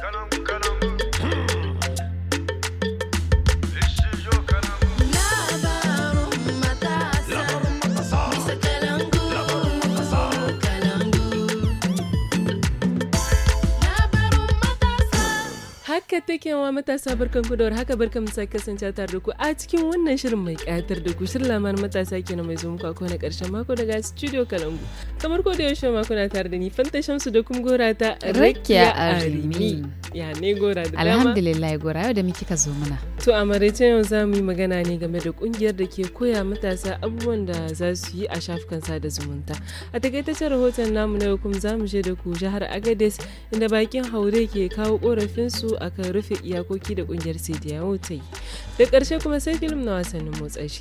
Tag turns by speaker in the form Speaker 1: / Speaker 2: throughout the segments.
Speaker 1: come on. haka take yawa matasa barkan ku da haka barkan mu sake kasance tare da ku a cikin wannan shirin mai katar da ku shirin lamarin matasa kenan mai zo muku a kowane karshen mako daga studio Kalangu. Kamar ko da yaushe mako na tare da ni Fanta Shamsu da kuma gora ta Rakiya Arimi. ya ne gora da dama alhamdulillah
Speaker 2: gora yau da muke ka zo mana
Speaker 1: to a maraicen yau za mu yi magana ne game da kungiyar da ke koya matasa abubuwan da za su yi a shafukan sada zumunta a takaitaccen rahoton namu na yau kuma za mu je da ku jihar agades inda bakin haure ke kawo korafin su akan rufe iyakoki da kungiyar cdiyawo ta yi da ƙarshe kuma sai film na wasannin motsa shi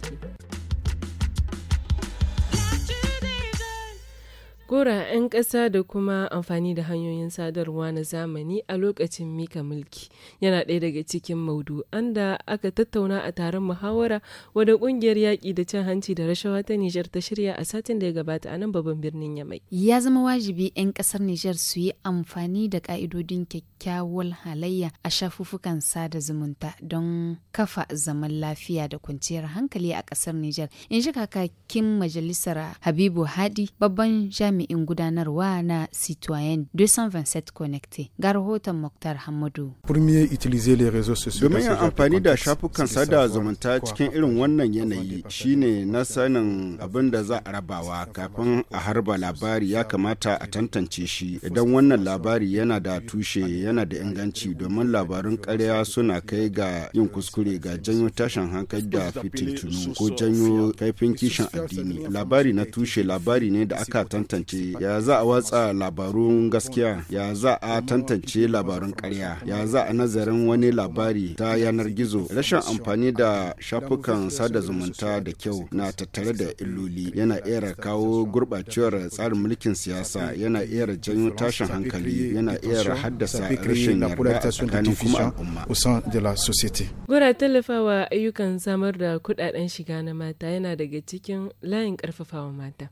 Speaker 1: Gora 'yan ƙasa da kuma amfani da hanyoyin sadarwa na zamani a lokacin mika mulki yana ɗaya daga cikin maudu, da aka tattauna a taron muhawara wadda ƙungiyar yaƙi da cin hanci da rashawa ta Nijar ta shirya a satin da ya gabata a nan babban birnin Yamai.
Speaker 2: Ya zama wajibi 'yan ƙasar Nijar su yi amfani da ƙa'idodin kyakkyawar halayya a shafuffukan sada zumunta don kafa zaman lafiya da kwanciyar hankali a ƙasar Nijar. In shi kakakin majalisar Habibu Hadi babban jami'in jami'in gudanarwa na Citoyen 227 Connecté ga rahoton Muktar Hamadu.
Speaker 3: Domin yin amfani da shafukan sada zumunta cikin irin wannan yanayi shine na sanin abin da za a rabawa kafin a harba labari ya kamata a tantance shi idan wannan labari yana da tushe yana da inganci domin labarun karya suna kai ga yin kuskure ga janyo tashin hankali da fitintunu ko janyo kaifin kishin addini labari na tushe labari ne da aka tantance tantance ya za a watsa labarun gaskiya ya za a tantance labarun karya ya za a nazarin wani labari ta yanar gizo rashin amfani da shafukan sada zumunta da kyau na tattare da illoli yana iya kawo gurbacewar tsarin mulkin siyasa yana iya janyo tashin hankali yana iya haddasa rashin yarda a tsakanin kuma al'umma.
Speaker 1: Gura tallafawa ayyukan samar da kuɗaɗen shiga na mata yana daga cikin layin karfafawa mata.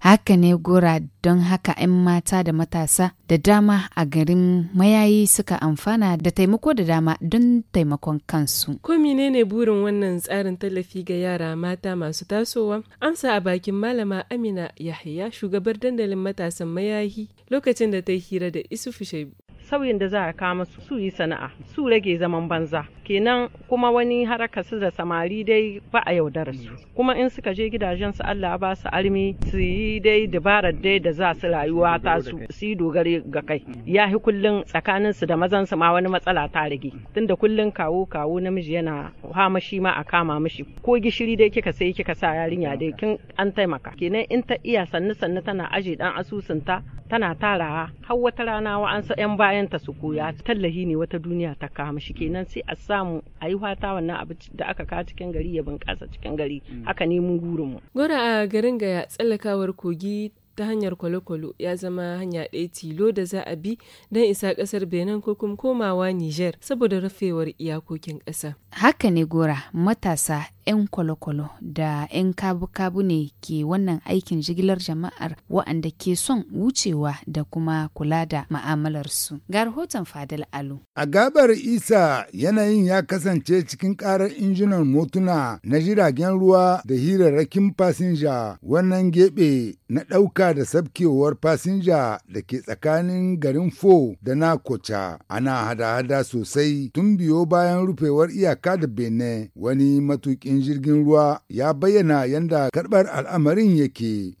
Speaker 2: Haka ne gora don haka 'yan mata da matasa da dama a garin mayayi suka amfana da taimako da dama don taimakon kansu.
Speaker 1: Ko ne burin wannan tsarin tallafi ga yara mata masu tasowa? Amsa a bakin malama Amina Yahya shugabar dandalin matasan mayahi lokacin da ta hira da Isufu Shaibu. sauyin da za a kawo musu su yi sana'a su rage zaman banza kenan kuma wani haraka su da samari dai ba a yaudara su kuma in suka je gidajen su Allah ba su armi su yi dai dabarar dai da za su rayuwa ta su su yi dogare ga kai mm. ya hi kullun tsakanin su da mazan su ma wani matsala ta rage mm. tunda kullun kawo kawo namiji yana hama shi ma a kama mishi ko gishiri dai kika sai kika sa yarinya dai kin an taimaka kenan in ta iya sannu sannu tana aje dan asusunta tana tarawa har wata rana wa'ansu 'yan bayanta su koya tallahi ne wata duniya ta kama shi kenan sai a samu a yi wata wannan abu da aka kawo cikin gari ya bunƙasa cikin gari mm. haka ne mun gurin mu. gora a garin gaya tsallakawar kogi ta hanyar kwalokwalo ya zama hanya ɗaya tilo da za a bi don isa ƙasar benin ko kuma komawa niger saboda rufewar
Speaker 2: iyakokin ƙasa haka ne gora matasa 'yan kwalokwalo da 'yan kabu-kabu ne ke wannan aikin jigilar jama'ar wa'anda ke son wucewa da kuma kula da ma'amalarsu. Ga rahoton Fadal Alu.
Speaker 4: A gabar Isa yanayin ya kasance cikin ƙarar injinan motuna na jiragen ruwa da hirarrakin fasinja wannan gebe na ɗauka da sabkewar fasinja da ke tsakanin garin Fo da na koca Ana hada-hada sosai tun biyo bayan rufewar iyaka da bene wani matuƙin in jirgin ruwa ya bayyana yadda karɓar al'amarin yake.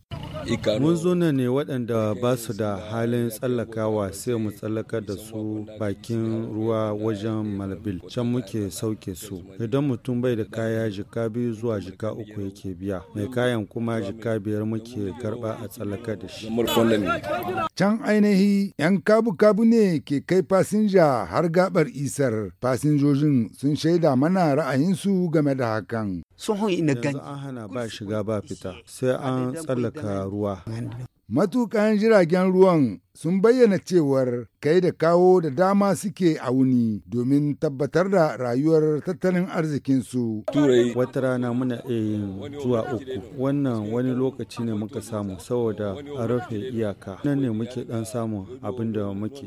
Speaker 3: mun zo nan ne waɗanda ba su da halin tsallakawa sai mu tsallaka da su bakin ruwa wajen malbil can muke sauke su idan mutum bai da kaya jika biyu zuwa jika uku yake biya mai kayan kuma jika biyar muke karba a tsallakar da shi can
Speaker 4: ainihi yan kabu-kabu ne ke kai fasinja har gabar isar fasinjojin sun shaida mana ra'ayinsu game da hakan tsohon ina an
Speaker 3: hana ba shiga ba fita sai an tsallaka ruwa.
Speaker 4: Matukan jiragen ruwan sun bayyana cewar kai da kawo da dama suke a wuni domin tabbatar da
Speaker 3: rayuwar tattalin arzikinsu. Turai wata rana muna yin zuwa uku wannan wani lokaci ne muka samu saboda a rufe iyaka nan ne muke dan samun abin da muke.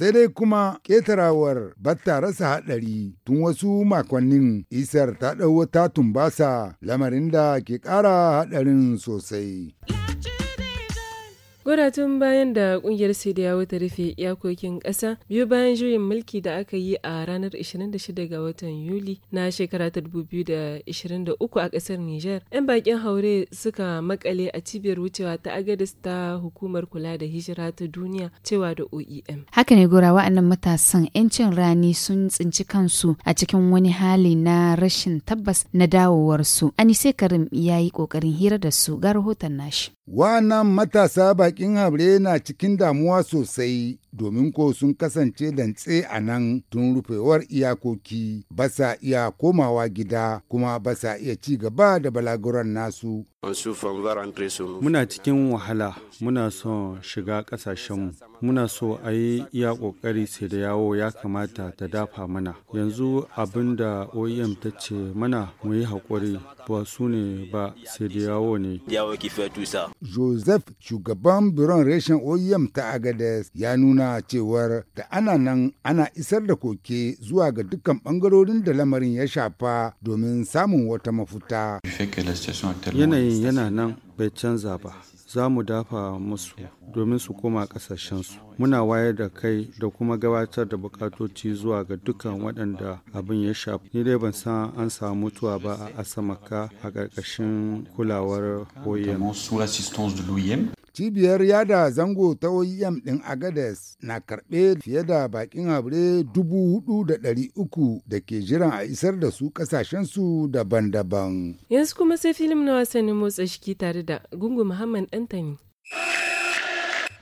Speaker 4: sai dai kuma ƙetarawar batta rasa haɗari tun wasu makonnin isar ta ɗau wata tumbasa lamarin da ke ƙara haɗarin sosai.
Speaker 1: Gwada tun bayan da kungiyar ya wata rufe iyakokin ƙasa biyu bayan juyin mulki da aka yi a ranar 26 ga watan Yuli na shekara ta 2023 a ƙasar Nijar, 'yan bakin haure suka makale a cibiyar wucewa ta Agadis ta hukumar kula da hijira ta duniya cewa da OEM.
Speaker 2: Haka ne gora wa'annan matasan 'yancin rani sun tsinci kansu a cikin wani hali na rashin tabbas na dawowarsu. Anise Karim ya yi ƙoƙarin hira da su ga rahoton nashi.
Speaker 4: Wa'annan matasa ba baƙin habre na cikin damuwa sosai domin ko sun kasance dantse a nan tun rufewar iyakoki ba sa iya komawa gida kuma ba sa iya ci gaba da balaguran nasu
Speaker 3: Muna cikin wahala, muna son shiga kasashenmu muna so a yi iya ƙoƙari sai da yawo ya kamata ta dafa mana. Yanzu abin da OEM ta ce mana mu yi haƙuri ba su ne ba sai da yawo ne.
Speaker 4: Joseph shugaban biron reshen OEM ta Agades ya nuna cewar da ana nan ana isar da koke zuwa ga dukkan bangarorin da lamarin ya shafa domin samun wata mafuta.
Speaker 3: Yanayin yanayin yana nan bai canza ba za mu dafa musu domin su koma kasashensu muna wayar da kai da kuma gabatar da bukatoci zuwa ga dukkan waɗanda abin ya shafi ni dai ban san an samu mutuwa ba a asamaka a ƙarƙashin kulawar oem
Speaker 4: Cibiyar yada zango ta OEM din Agades na karbe fiye da bakin habre dubu hudu da dari uku da ke jiran a isar da su kasashen su daban-daban.
Speaker 1: Yanzu kuma sai filim na wasanni motsa shiki tare da Gungu Muhammad Dantani.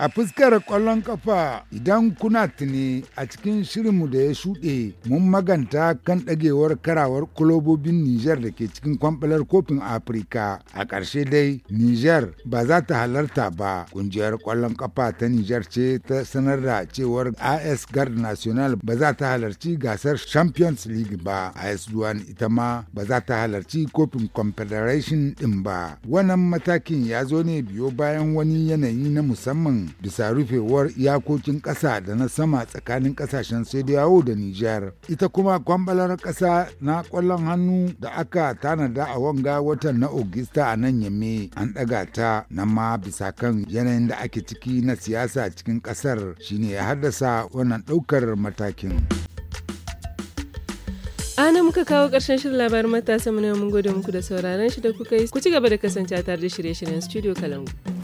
Speaker 4: A fuskar kwallon kafa idan kuna tuni a cikin shirinmu da ya shuɗe mun maganta kan ɗagewar karawar kulobobin Nijar da ke cikin kwamfalar kofin Afirka. A ƙarshe dai Nijar ba za ta halarta ba. Ƙungiyar kwallon kafa ta Nijar ce ta sanar da cewar AS Guard National ba za ta halarci gasar Champions League ba. AS Duwan ita ma ba za ta halarci kofin Confederation ɗin ba. Wannan matakin ya zo ne biyo bayan wani yanayi na musamman bisa rufewar iyakokin ƙasa da na sama tsakanin ƙasashen Sediyawo da Nijar. Ita kuma kwambalar ƙasa na kwallon hannu da aka tanada a wanga watan na Ogista a nan Yamme an ɗaga ta na ma bisa kan yanayin da ake ciki na siyasa cikin ƙasar shine ya haddasa wannan ɗaukar matakin.
Speaker 1: ana muka kawo ƙarshen shirin labarin matasa mu na mun gode muku da sauraron shi da kuka yi ku ci gaba da kasancewa tare da shirye-shiryen studio kalangu.